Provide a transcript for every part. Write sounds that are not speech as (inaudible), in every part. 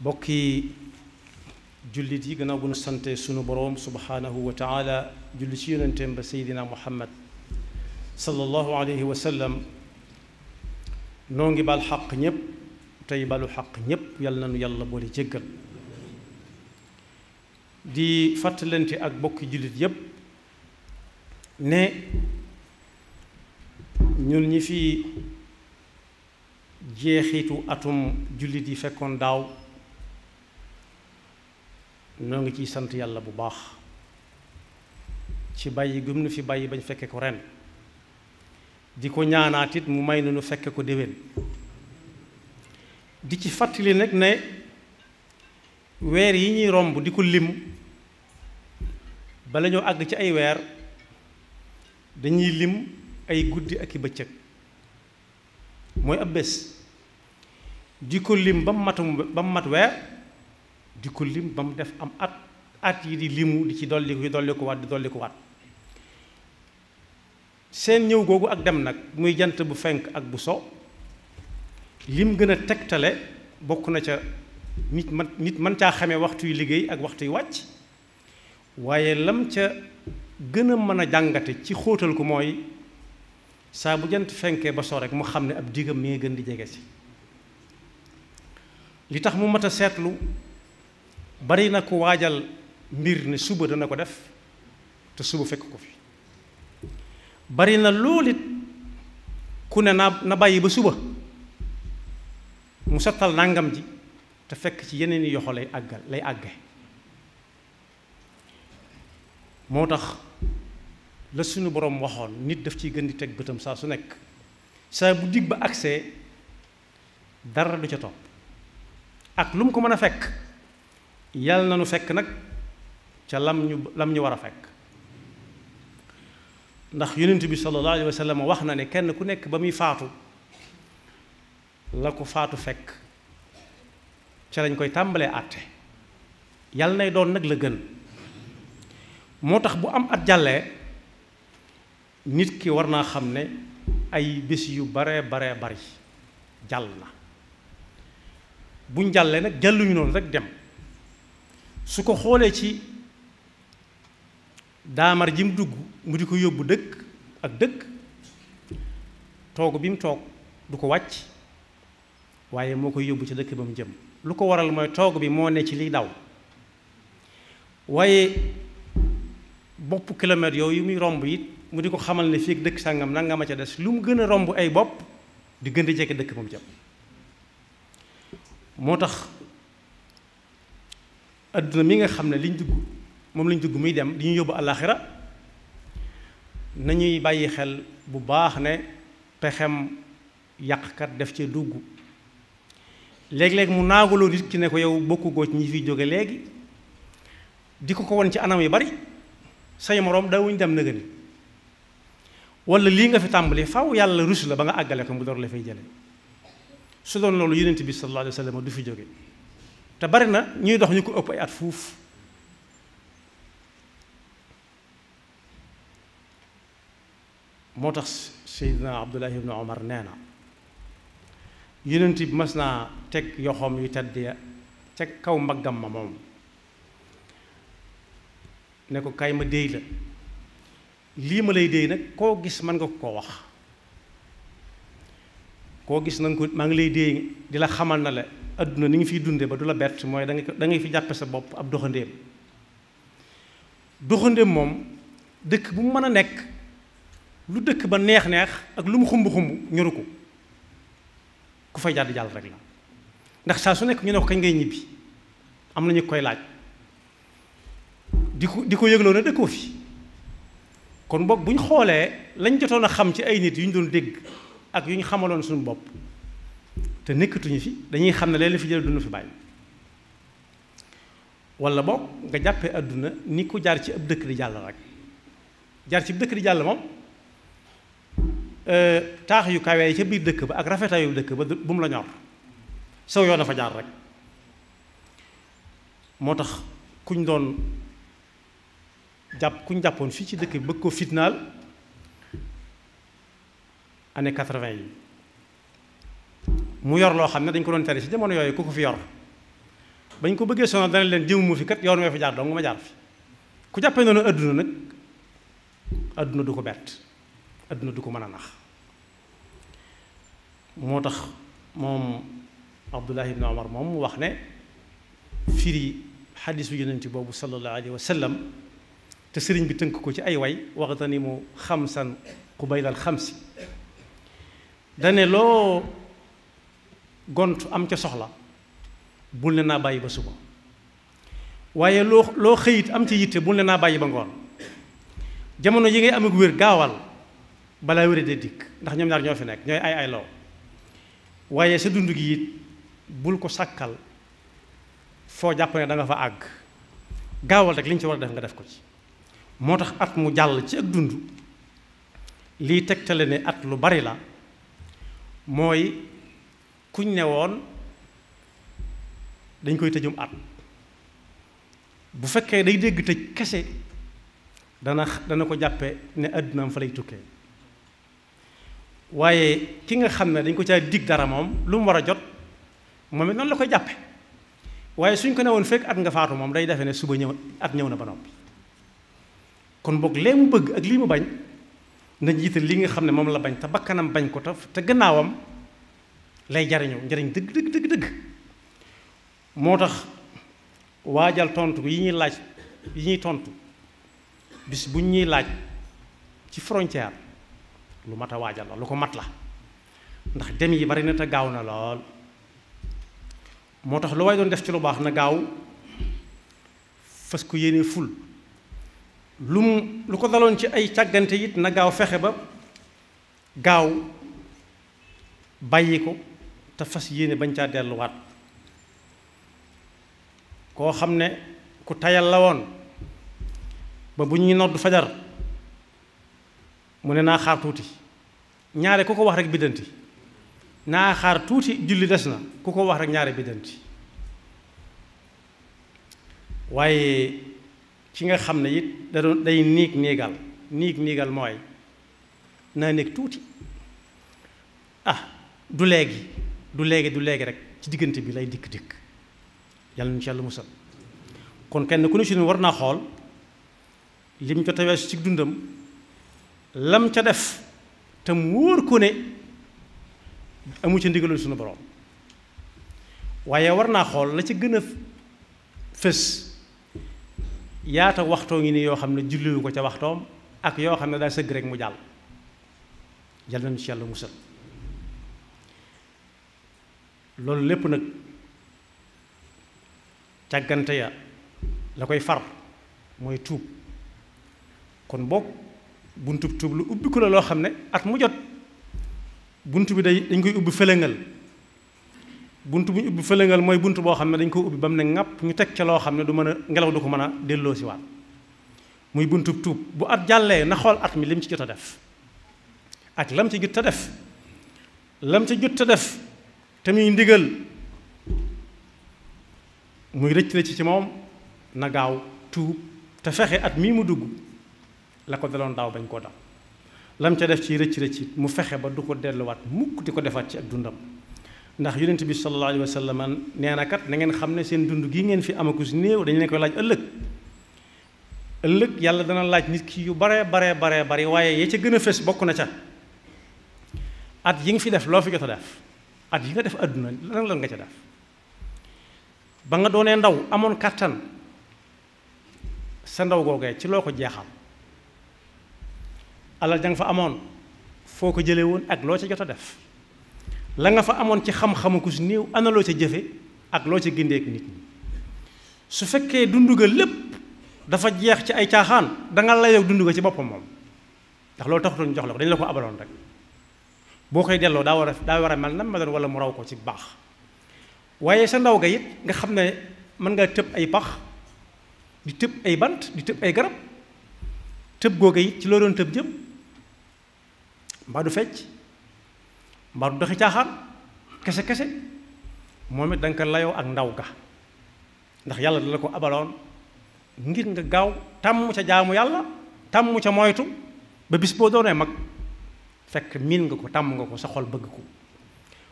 mbokki jullit yi gannaaw bu nu sante sunu boroom subhaanahu wa taala julli ci ba seydina muhammad sallallahu alayhi wa sallam noo ngi bal xaq ñépp tey balu xaq ñépp yàlla boole jéggal di fàttalante ak bokki jullit yépp ne ñun ñi fi jeexitu atum jullit yi fekkoon daaw noo ngi ciy sant yàlla bu baax ci bàyyi gëm nu fi bàyyi bañ fekkee ko ren di ko ñaanaatit mu may na nu fekke ko déwén di ci fàttali nag ne weer yi ñuy romb di ko lim bala ñoo àgg ci ay weer dañuy lim ay guddi ak i bëccëg mooy ab bés di ko lim ba mu matu ba mu mat weer di ko lim ba mu def am at at yi di limu di ci dolli ko dolli ko waat di dolli ko waat seen ñëw googu ak dem nag muy jant bu fenk ak bu so lim gën a tegtale bokk na ca nit man nit mën caa xamee waxtu yu liggéey ak waxtu yu wàcc waaye lam ca gën a mën a jàngate ci xóotal ko mooy saa bu jant fenkee ba soo rek mu xam ne ab digam mi ngi gën di jege si li tax mu mat a seetlu bari na ko waajal mbir ne suba dana ko def te suba fekk ko fi bari na loolu it ku ne na na bàyyi ba suba mu sottal nangam ji te fekk ci yeneen i yoxo lay àggal lay àgge moo tax la suñu borom waxoon nit daf ciy gën di teg bëtam saa su nekk saa bu digg ba agsee dara du ca topp ak lu mu ko mën a fekk yàlla na nu fekk nag ca lam ñu lam ñu war a fekk ndax yonent bi sallallahu alayhi wa sallam wax na ne kenn ku nekk ba muy faatu la ko faatu fekk ca lañ koy tàmbalee àtte yàlla nay doon nag la gën moo tax bu am at jàllee nit ki war naa xam ne ay bés yu bare bare bari jàll na buñ jàllee nag jàlluñu noonu rek dem su ko xoolee ci daamar ji mu dugg mu di ko yóbbu dëkk ak dëkk toog bi mu toog du ko wàcc waaye moo koy yóbbu ci dëkk ba mu jëm lu ko waral mooy toog bi moo ne ci liy daw waaye bopp kilomètre yooyu muy romb it mu di ko xamal ne fii dëkk sàngam nanga ma ca des lu mu gën a romb ay bopp di gën di jekk dëkk moom jàpp moo tax adduna mi nga xam ne liñ dugg moom liñ dugg muy dem di ñu yóbbu àllaaxira nañuy bàyyi xel bu baax ne pexem yàqkat def cee dugg léeg-léeg mu naagaloo nit ki ne ko yow bokku goo ñi fi jóge léegi di ko ko won ci anam yu bari say moroom dawuñ dem nëgë walla lii nga fi tàmbali faw yàlla rus la ba nga àggale ko mu door la fay jële su doon loolu yonent bi sallallahu alayhi wa sallam du fi jóge te bari na ñuy dox ñu ko ëpp ay at fuuf moo tax Seydina Abdullahi ibnu Omar nee na yonent bi mas naa teg yoxoom yu tedd ya ca kaw mbaggam ma moom ne ko kaay ma déy la lii ma lay déy nag koo gis man nga ko wax koo gis nanga ko maa ngi lay déy di la xamal na la àdduna ni ngi fiy dunde ba du la bett mooy da nga fi jàppe sa bopp ab doxandéem doxandéem moom dëkk bu mu mën a nekk lu dëkk ba neex-neex ak lu mu xumb-xumb ñoru ko ku fay jàdd jàll rek la ndax saa su nekk ñu ne ko kañ ngay ñibbi am na ñu koy laaj di ko di ko yëgloo ne dëkkoo fi kon boog bu ñu xoolee lañ jotoon a xam ci ay nit yu ñu doon dégg ak yu ñu xamaloon suñu bopp te nekkatuñu fi dañuy xam ne leen la fi jële dund fi bàyyi wala boog nga jàppee àdduna ni ku jaar ci ab dëkk di jàll rek jaar ci dëkk di jàll moom euh, taax yu kawe ca biir dëkk ba ak rafetaayu dëkk ba bu mu la ñor sow yoon a fa jaar rek moo tax kuñ doon jàpp ku ñu jàppoon fii ci dëkk bi bëgg ko fitnaal année quatre-vingt yi mu yor loo xam ne dañ ko doon tere si jamono yooyu ku ko fi yor bañ ko bëggee sonal dana leen jëmu mu fi kat yoon wee fi jaar dong ma jaar fi ku jàppee noonu adduna nag àdduna du ko bett àdduna du ko mën a nax moo tax moom Abdullahi ibn Omar moom mu wax ne firi xadiisu ci boobu sallallahu alayhi wa te sëriñ bi tënk ko ci ay way waxta ni mu xamsan xubaylal xamsi dane loo gont am ca soxla bul ne naa bàyyi ba suba waaye loo xëyit am ci yitte bul ne naa bàyyi ba ngoon jamono yi ngay am ak wér gaawal balaa wér dee dikk ndax ñoom ñaar ñoo fi nekk ñooy ay ay loo waaye sa dund gi it bul ko sàkkal foo jàpp ne da fa àgg gaawal rek liñ ñu ci war a def nga def ko ci moo tax at mu jàll ci ak dund liy tegtale ne at lu bari la mooy kuñ ne woon dañ koy tëjum at bu fekkee day dégg tëj kese dana dana ko jàppe ne àddunaam fa lay tukkee waaye ki nga xam ne dañ ko caa dig dara moom lu mu war a jot moom it noonu la ko jàppe waaye suñ ko ne woon fekk at nga faatu moom day defe ne suba ñëw at ñëw na ba noppi kon boog lee mu bëgg ak lii mu bañ na jiital li nga xam ne moom la bañ te bakkanam bañ ko taf te gannaawam lay jariñoo njariñ dëgg dëgg dëgg moo tax waajal tontu yi ñuy laaj yi ñuy tontu bis bu ñuy laaj ci frontière lu mat a waajal la lu ko mat la ndax dem yi bari na te gaaw na lool moo tax lu waay doon def ci lu baax na gaaw fas ko yéene ful lu mu lu ko daloon ci ay càggante it na gaaw fexe ba gaaw bàyyi ko te fas yéene bañ caa delluwaat koo xam ne ku tayal la woon ba bu ñuy nodd fajar mu ne naa xaar tuuti ñaare ku ko wax rek biddanti naa xaar tuuti julli des na ku ko wax rek ñaare biddanti waaye ci nga xam ne it da doon day niig niigal niig niigal mooy naa nekk tuuti ah du léegi du léegi du léegi rek ci diggante bi lay dikk dikk yàlla nañu ci yàlla musal kon kenn ku ne war naa xool lim jot a weesu ci dundam lam ca def te mu wóor ko ne amu ca ndigalul suñu borom waaye war naa xool la ca gën a fës yaata waxtoo ngi ni yoo xam ne julliwu ko ca waxtoom ak yoo xam ne daa sëgg rek mu jàll jal nañu ci yàlla musal loolu lépp nag càggante ya la koy far mooy tuub kon bokk buntu tuub lu ubbi ko la loo xam ne at mu jot bunt bi day dañ koy ubbi fëlëngal bunt bu ñu ubbi fëlëngal mooy bunt boo xam ne dañ ko ubbi ba mu ne ŋàpp ñu teg ca loo xam ne du mën a ngelaw du ko mën a delloo si waat muy buntub tuub bu at jàllee na xool at mi lim ci jot a def ak lam ci jot a def lam ci jot a def ndigal muy rëcc ci moom na gaaw tuub te fexe at mii mu dugg la ko daloon daaw bañ koo daw lam ca def ci rëcc rëcc mu fexe ba du ko delluwaat mukk di ko defaat ci ak dundam ndax yu yonent bi sallallahu alayhi wa sallam nee na kat na ngeen xam ne seen dund gi ngeen fi amakus néew dañu leen koy laaj ëllëg ëllëg yàlla dana laaj nit ki yu baree baree baree bari waaye ya ca gën a fës bokk na ca at yi nga fi def loo fi jot a def at yi nga def àdduna lan lan nga ca def ba nga doonee ndaw amoon kàttan sa ndaw googee ci loo ko jeexal alal jang fa amoon foo ko jële woon ak loo ca jot a def la nga fa amoon ci xam-xamu ku si néew ana loo ca jëfe ak loo ca gindeek nit su fekkee dund ga lépp dafa jeex ci ay caaxaan danga layoog dund ga ci boppam moom ndax loolu taxutoon ñu jox la ko dañu la ko abaloon rek boo koy delloo daa war a daa war a mel nam ma doon wala mu raw ko ci baax waaye sa ndaw ga it nga xam ne mën nga tëb ay pax di tëb ay bant di tëb ay garab tëb googa it ci loo doon tëb jëm mbaa du fecc mbaa du doxi caaxaan kese kese moom it da nga ko layoo ak ndaw ga ndax yàlla da la ko abaloon ngir nga gaaw tàmm ca jaamu yàlla tàmm ca moytu ba bis boo doonee mag fekk miin nga ko tàmm nga ko sa xol bëgg ko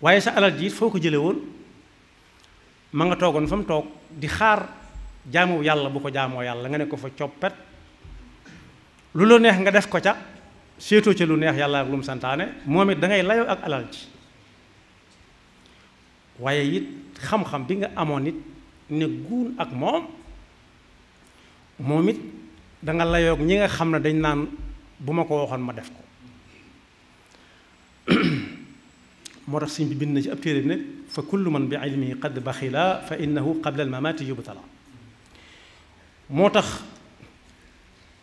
waaye sa alal ji foo ko jële woon ma nga toogoon fa mu toog di xaar jaamu yàlla bu ko jaamoo yàlla nga ne ko fa coppet lu la neex nga def ko ca séetoo ca lu neex yàlla ak lu mu santaane moom it da ngay layoo ak alal ji waaye it xam-xam bi nga amoon it ne guun ak moom moom it danga layoo layoog ñi nga xam ne dañ naan bu ma ko waxoon ma def ko (clears throat) moo tax sëñ bi bind na ci ab téere ne fa kullu man bi ilmihi qad baxila fa innahu qabla al mamati moo tax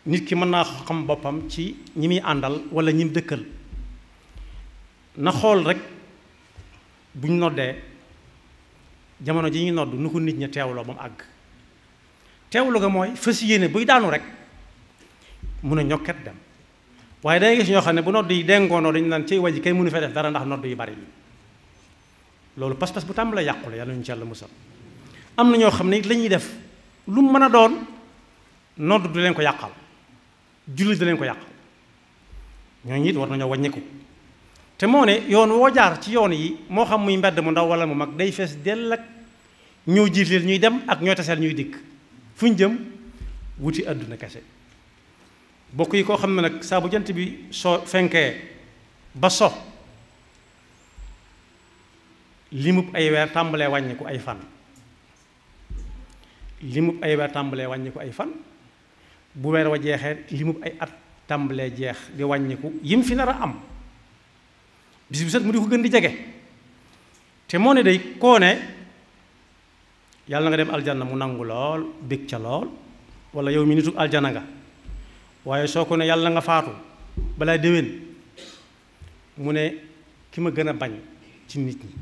nit ki mën naa xam boppam ci ñi muy àndal wala ñim dëkkal na xool rek bu ñu noddee jamono ji ñu nodd nu ko nit ña teewloo ba mu àgg teewlu ga mooy fas yéene buy daanu rek mun a ñokket dem waaye day gis ñoo xam ne bu nodd yi dengoonoo dañu naan ci waji kay mënu fee def dara ndax nodd yu bari yi loolu pas-pas bu tàmbalee yàqule yàlla ñu ci yàlla musal am na ñoo xam ne lañuy def lu mën a doon nodd du leen ko yàqal jullit danañ ko yàq ñooñu it war nañoo wàññiku te moo ne yoon woo jaar ci yoon yi moo xam muy mbedd mu ndaw wala mu mag day fees dell ak ñoo jiitleel ñuy dem ak ñoo taseel ñuy dikk fu ñu jëm wuti àdduna kese bokk yi koo xam ne nag saa bu jant bi soo fenkee ba so limub ay weer tàmbalee wàññiku ay fan limub ay weer tàmbalee wàññiku ay fan bu weer wa jeexee li mu ay at tàmbalee jeex di wàññiku yim fi nar a am bis bu set mu di ko gën di jege te moo ne day koo ne yàlla nga dem aljana mu nangu lool bég ca lool wala yow mi nitu aljana nga waaye soo ko ne yàlla nga faatu balaa déwén mu ne ki ma gën a bañ ci nit ñi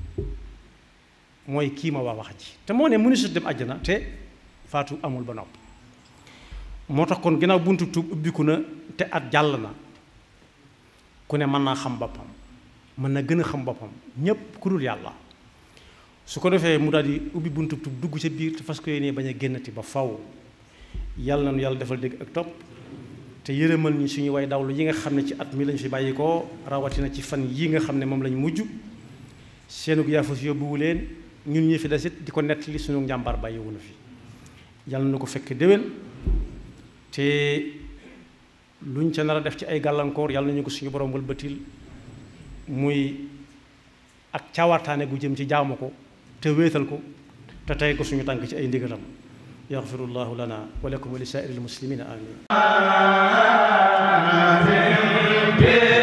mooy kii ma wax wax ji te moo ne mënu su dem aljana te faatu amul ba nopp moo tax kon ginnaaw buntu tuub ubbiku na te at jàll na ku ne mën naa xam boppam mën na gën a xam boppam ñépp ku dul yàlla su ko defee mu daal di ubbi buntu tuub dugg ca biir te fas ko yéenee bañ a génnati ba faw yàlla na nu yàlla defal dégg ak topp te yërëmal ñi suñu way dawlu yi nga xam ne ci at mi lañ fi bàyyi ko rawatina ci fan yi nga xam ne moom lañu mujj seenug yaafus yóbbuwu leen ñun ñi fi desit di ko nettali suñu njàmbaar bàyyiwu na fi yàlla ko fekk déwén te luñ ca nar a def ci ay gàllankoor yàlla nañu ko suñu borom wëlbatil muy ak caawartaane gu jëm ci jaamu ko te wéetal ko te tey ko suñu tànk ci ay ndigalam yaxfirullahu lana wa lakum wa li saa'iril muslimina amin